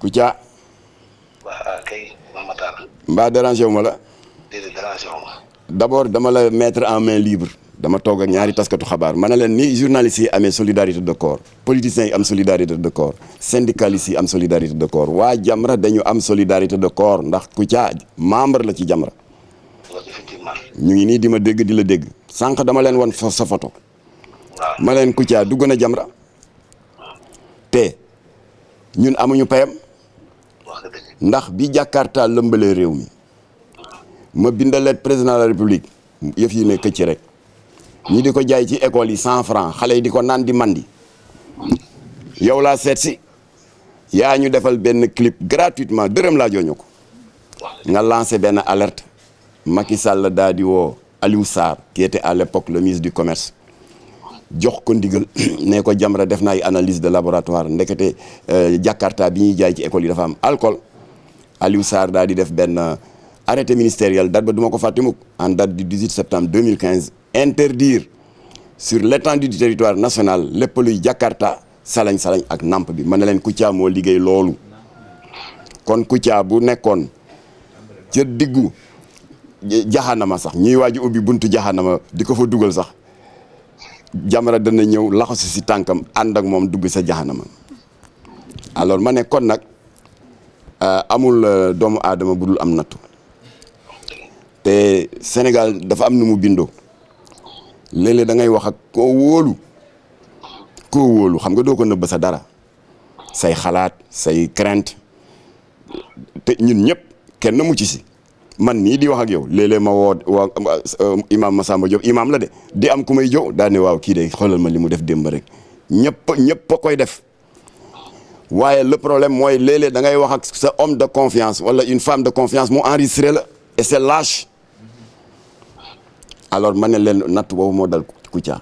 Kouthia. waaw ah, kay mbaa dérangé wu ma la. déedéet d' abord dama la mettre en main libre. dama toog ak ñaari taskatu xabaar ma ne leen ni journalistes yi amee solidarité de corps politiciens yi am solidarité de corps syndicalistes yi am solidarité de corps waa Jamra dañu am solidarité de corps ndax Kouthia membre la ci Jamra ñu ngi nii di ma dégg di la dégg sànq dama leen wan sa photo ma leen Kouthia dugg na Jamra te ñun amuñu payam ndax bi Jakarta lëmbalee réew mi ma bindalee président de la république yëf yi ne këcc rek ñi di ko jaay ci école yi cent franc xale yi di ko naan di mandi yow laa seetsi yaa ñu defal benn clip gratuitement dërëm laa jooñu ko nga lancé benn alerte Macky Sall daa di woo Aliou Sarr qui était à l'époque le ministre du commerce jox ko ndigal ne Jamra def na ay analyse de laboratoire ndekete euh, Jakarta bi ñuy jaay ci école yi dafa am alcool Aliou Sarr daal di def benn euh, arrêté ministériel date ba duma ko fàtte mukk en date du 18 septembre 2015 interdire sur l'étendue du territoire national lépp luy Jakarta salañ salañ ak namp bi mën na leen Kouthia moo liggéey loolu kon Kouthia bu nekkoon ca diggu jaxanama sax ñuy waaju ubbi buntu jaxanama di ko fa dugal sax Jamra na ñëw laxasu si tànkam ànd ak moom dugg sa jaxanama alors ma ne kon nag euh, amul euh, doomu aadama bu dul am nattu te Sénégal dafa am nu mu bindoo léeg-léeg da ngay wax ak koo wóolu koo wóolu xam nga doo ko nëbb sa dara say xalaat say crainte te ñun ñëpp kenn mu ci si man mii di wax ak yow léeg-léeg ma woo waa euh, imaam Massamba Diop imaam la de di am ku may jow daa waaw kii de xoolal ma li mu def démb rek ñëpp ñëpp a koy def waaye le problème mooy léeg-léeg da ngay wax ak sa homme de confiance wala une femme de confiance mu enregistré la et c'est lâche alors ma ne leen natt boobu moo dal Kouthia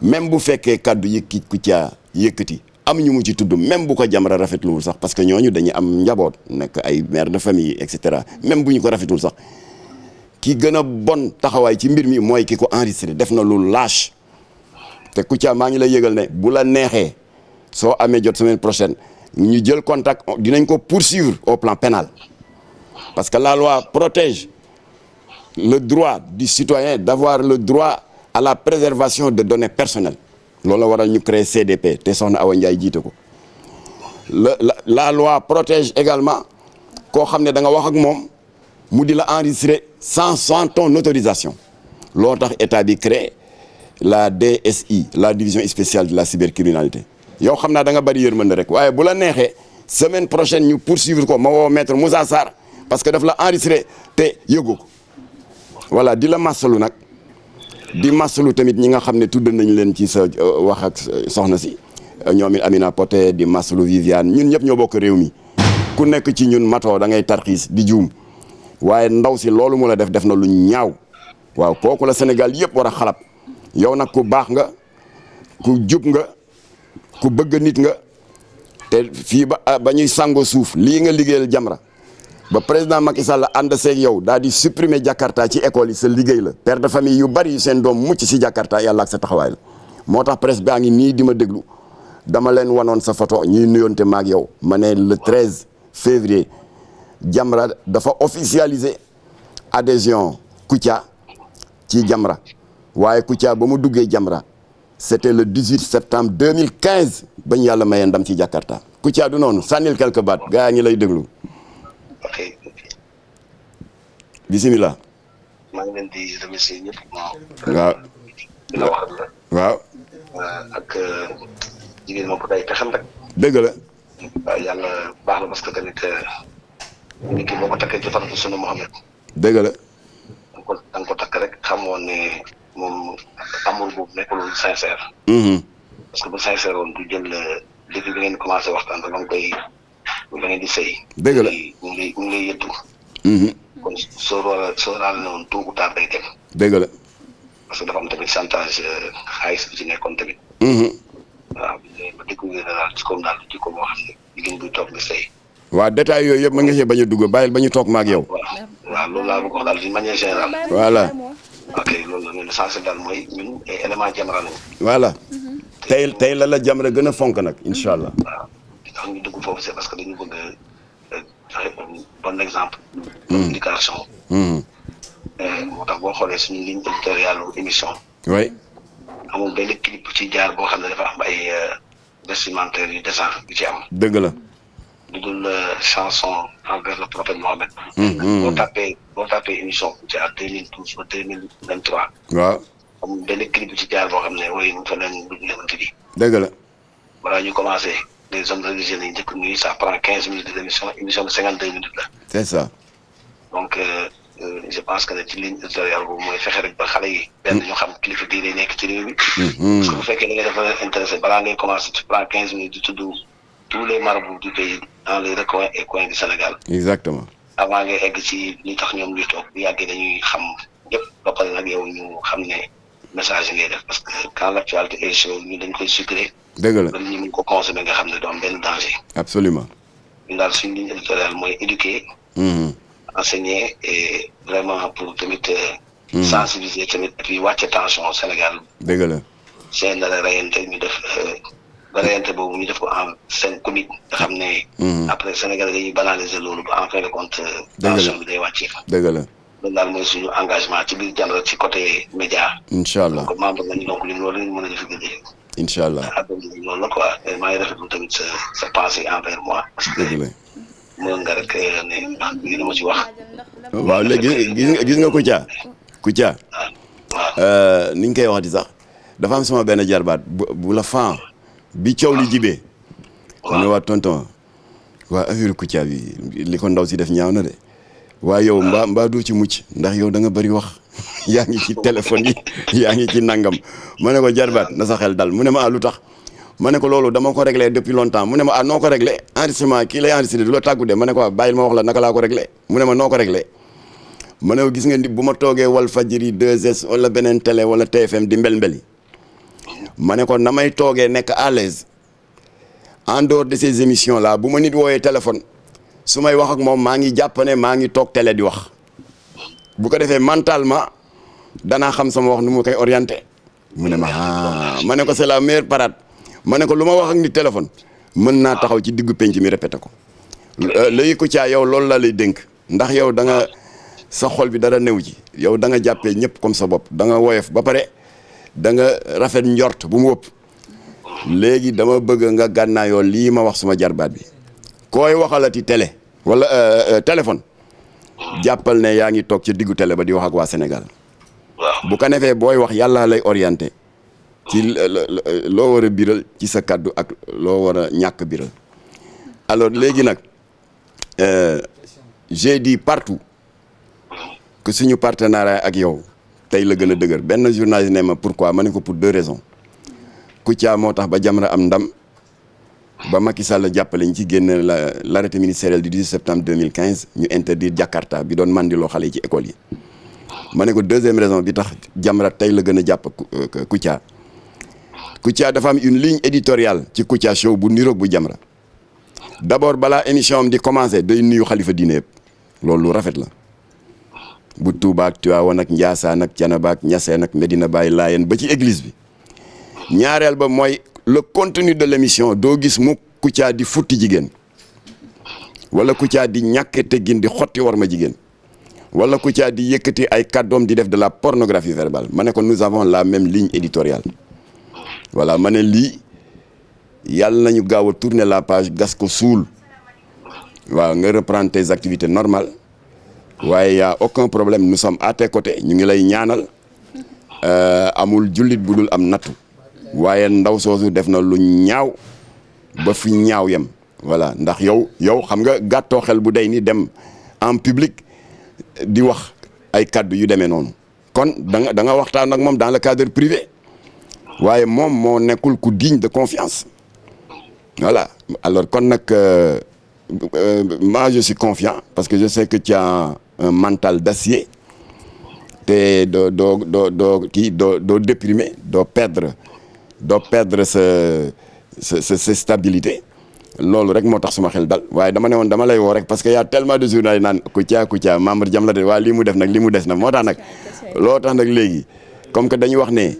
même bu fekkee kaddu yi Kouthia yëkkati am ñu mu ci tudd même bu ko Jamra rafetluwul sax parce que ñooñu dañuy am njaboot nekk ay maire de famille et cetera même bu ñu ko rafetul sax ki gën a bon taxawaay ci mbir mi mooy ki ko enregistré def na lu lâche te Kouthia maa ngi lay yëgal ne bu la neexee soo amee jot semaine prochaine ñu jël contact dinañ ko poursuivre au plan pénal parce que la loi protège le droit du citoyen d'avoir le droit à la préservation de données personnelles loolu la waral ñu créer CDP te soxna Awa Ndiaye jiite ko la la loi protège également koo xam ne da nga wax ak moom mu di la enregistrer sans sans ton autorisation loo tax état bi créé la DSI la division spéciale de la cybercriminalité yow xam na danga nga bëri yërmande rek waaye bu la neexee semaine prochaine ñu poursuivre ko ma woo maître Moussa Sarr parce que daf la enregistré te yëgu ko voilà di la lu nag. di masalu tamit ñi nga xam ne tudd nañ leen ci sa euh, wax ak euh, soxna si ñoom it Amina Poté di masalu Viviane ñun ñëpp ñoo bokk réew mi ku nekk ci ñun matoo da ngay tarxiis di juum waaye ndaw si loolu mu la def def na lu ñaaw waaw kooku la Sénégal yëpp war a xalab yow nag ku baax nga ku jub nga ku bëgg nit nga te fii ba ba ñuy sàngoo suuf lii nga liggéeyal Jamra ba président Macky Sall ànd seeg yow daal di supprimer Jakarta ci école yi sa liggéey la père famille yu bari yu seen doom mucc si Jakarta yàlla ak sa taxawaay la moo tax presse baa ngi nii dima ma déglu dama leen wanoon sa photo ñuy nuyoonte maag yow ma ne le 13 février Jamra dafa officialiser adhésion Kouthia ci Jamra waaye Kouthia ba mu duggee Jamra c'était le 18 septembre 2015 ba ñu yàlla mayee ndam ci Jakarta Kouthia du noonu sànnil quelque baat gaa yi ngi lay déglu ba xëy ba fii. bisimilah. maa ngi leen di remercier ñëpp. waaw. dina wax la. waaw. ak euh, jigéen moom rek. dëgg la. waaw yàlla baax na parce que tamit euh, nit ki boo ko takkee ci faratu sunu Muhammad. dëgg la. ko da ko takk rek xamoon ne moom amour boobu nekkul woon sincère. Mm-hmm. parce que bu sincère woon du jël euh, léegi bi ngeen commencé waxtaan da koy. bu ngeen di sëy. dëgg la mu ngi lay mu ngi lay yëttu. Mm-hmm. kon soo doon soo daan que dafa am tamit euh, nekkoon tamit. Mm-hmm. waaw ba découvrir daal ci koom yooyu yëpp ma nga see bañ a dugg bàyyil ba ñu toog ma ak yow. waaw waaw mm-hmm. tey tey la la Jamra gën a fonk nag incha allah. tax ñu dugg foofu c'est parce que dañu bëgg a euh, joxe un bon exemple. communication. Mm. Euh, moo tax boo xoolee suñu ligne éditoriale émission. oui amul benn clip ci jaar boo xam ne dafa am ay euh, vestimentaires yu décent yu ci am. dëgg la. du dul chanson envers le prophète Mohamed. Mm, mm. boo tapee boo tapee émission ci à deux mille douze ba deux mille vingt trois. waaw amul benn clip ci jaar boo xam ne woy mu fa leen lu ñu leen di. ñu commencé. les hommes religieux lañu njëkk nuyu ça prend quinze minutes de cinquante deux minutes la. c' ça. donc euh, euh, je pense que ne ci ligne mooy fexe rek ba xale yi. benn ñu xam kilifa diine nekk ci réew mm-hmm. bu fekkee da ngay dafa intéressé balaa ngay commencé tu prends quinze minutes di tudd tous les marabouts du pays dans les recoins et coins du Sénégal. exactement. avant ngay egg ci li tax ñoom ñu toog bu yàggee dañuy xam yëpp ba pare nag yow ñu xam ne message yi ngay parce que quand l' actualité est chaude ñu dañ koy sucré. dëgg la ba nit ñi mun ko consommer nga xam ne du am benn danger. absolument ñun daal suñu ligne éditoriale mooy éduquer. Mm-hmm. enseigner et vraiment pour tamit. Euh, mm-hmm. sensibiliser tamit puis wàcce tension Sénégal. dëgg la seen dara rayante ñu def rayante euh, boobu ñu def ko en scène comique nga xam ne. Mm-hmm. après Sénégal dañuy banaliser loolu ba en fin de compte. Euh, tension bi day wàccee. dëgg la daal mooy suñu engagement ci biir jàmm ci côté média. incha allah donc membre lañu donc ñun incha allah ah, loolu la maa nga rek euh, ne lii wax. waaw léegi gis nga gis nga Kouthia. Kouthia. waaw euh, wax di sax dafa am sama benn jarbaat bu la fan bi coow li jibee. waaw ne waa tonton waa affaire Kouthia bi ko ndaw si def ñaaw na de. waa yow mbaa mbaa doo ci mucc ndax yow da nga bëri wax. yaa ngi ci téléphone yi yaa ngi ci nangam ma ne ko jarbaat na sa xel dal mu ne ma ah lu tax ma ne ko loolu dama ko réglé depuis longtemps mu ne ma ah noo ko réglé enregistrement kii lay enregistré du la de ma ne ko ah bàyyil ma la naka ko réglé mu ne ma noo ko réglé ma ne ko gis nga ni bu ma toogee wal fajiri 2S wala beneen télé wala TFM di mbel mbeli ma ne ko na may toogee nekk à l'aise en dehors de ces émissions là bu ma nit wooyee téléphone su may wax ak moom maa ngi jàpp ne maa ngi toog télé di wax bu ko defee mantalement danaa xam sama wax nu mu koy orienté mu ne ma ah ma ne ko c'est la meilleure parade ma ne ko lu ma wax ak ni téléphone mën naa taxaw ci diggu penc mi répété ko euh, léegi ku caa yow loolu laa lay dénk ndax yow da sa xol bi dara new ji yow da nga jàppee ñëpp comme sa bopp danga nga woyof ba pare da nga rafet njort bu mu wëpp léegi dama bëgg nga gànnaayoo lii ma wax suma jarbaat bi kooy waxalati télé wala euh, euh, téléphone jàppal ne yaa ngi toog ci diggu télé ba di wax ak waa Sénégal. bu ko defee booy wax yàlla lay orienté. ci loo war a biral ci sa kàddu ak loo war a ñàkk biral alors léegi nag euh, j'ai dit partout ku suñu partenariat ak yow tey la gën a dëgër benn journaliste ne ma pourquoi ma ne ko pour deux raisons Kouthia moo tax ba Jamra am ndam. ba Macky Sall jàppale ñu ci génn la l' arrêté ministériel du 18 septembre 2015 ñu interdire Jakarta bi doon mandiloo xale yi ci école yi ma ne ko deuxième raison bi tax Jamra tey la gën a jàpp euh, Kouthia Kouthia dafa am une ligne éditoriale ci Kouthia Show bu niroog bu Jamra d' abord balaa émission am di commencé day nuyu xalifa diine yëpp loolu lu rafet la bu Touba ak Tivaouane ak Ndiassane ak Thiénaba ak Niassène ak Medina laa Layène ba ci église bi ñaareel ba mooy le contenu de l'émission doo gis mu Kouthia di futti jigéen wala Kouthia di ñàkk teggin di xotti war ma jigéen wala Kouthia di yëkkati ay kàddoom di def de la pornographie verbale ma ne ko nous avons la même ligne éditoriale voilà ma ne lii yàlla nañu gaaw a tourner la page gas ko suul waaw nga reprendre tes activités normales waaye y'a aucun problème nous sommes à tes côtés ñu ngi lay ñaanal euh, amul jullit bu dul am nattu waaye ndaw soosu def na lu ñaaw ba fi ñaaw yem voilà ndax yow yow xam nga gàttoo xel bu day ni dem en public di wax ay kaddu yu demee noonu kon da da nga waxtaan ak moom dans le cadre privé waaye moom moo nekkul ku digne de confiance voilà alors kon nag euh, euh, moi je suis confiant parce que je sais que tu as un mental d'acier te doo doo doo doo kii doo doo déprimer doo perdre doo perdre sa sa sa stabilité loolu rek moo tax suma xel dal waaye dama ne woon dama lay woo rek parce que y' a de journaux yi naan Kouthia Kouthia membre jam la de waaye lii mu def nag lii mu des na moo tax nag loo tax nag léegi comme que dañu wax ne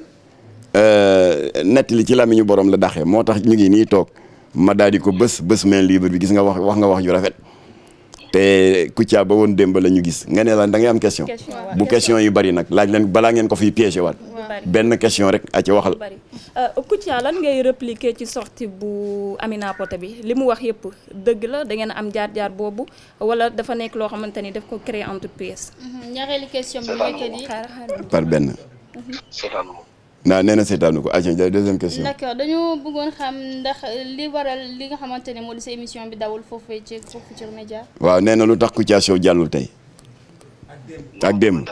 euh, nettali ci làmmiñu borom la daxee moo tax ñu ngi nii toog ma daal di ko bës bës main libre bi gis nga wax wax nga wax ju rafet te Kouthia ba woon démb la ñu gis nga ne la da am question bu question yi bari nag laaj leen balaa ngeen ko fiy piégé waat benn question rek a ci waxal. Euh, Kouthia lan ngay répliquer ci sortie bu Amina Poté bi li mu wax yépp dëgg la da ngeen am jaar-jaar boobu wala dafa nekk loo xamante ni daf ko créer entreprise. Mm-hmm. ñaareelu question par benn. Mm-hmm. naa nee na seetaanu ko agent jël deuxième question. dañu bëggoon xam ndax li waral li nga xamante ne moo di sa émission bi dawul foofu ci waaw nee lu tax Kouthia Show jàllul tey. ak démb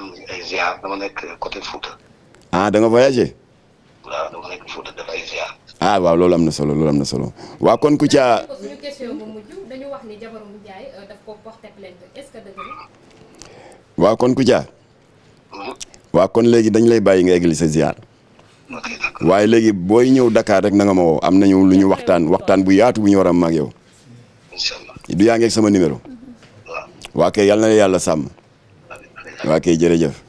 danga ah, da nga ah waaw loolu am na solo loolu am na solo waa kon ku ca. Euh, waa kon ku ca. waaw kon léegi dañ lay bàyyi nga eggali sa ziar. waaye léegi booy ñëw dakaar rek na nga ma woo am nañu lu ñu waxtaan waxtaan bu yaatu bu ñu war a mag yow. du yaa ngeeg sama numéro. waa kay yal na la yàlla sàmm. waa kay jërëjëf.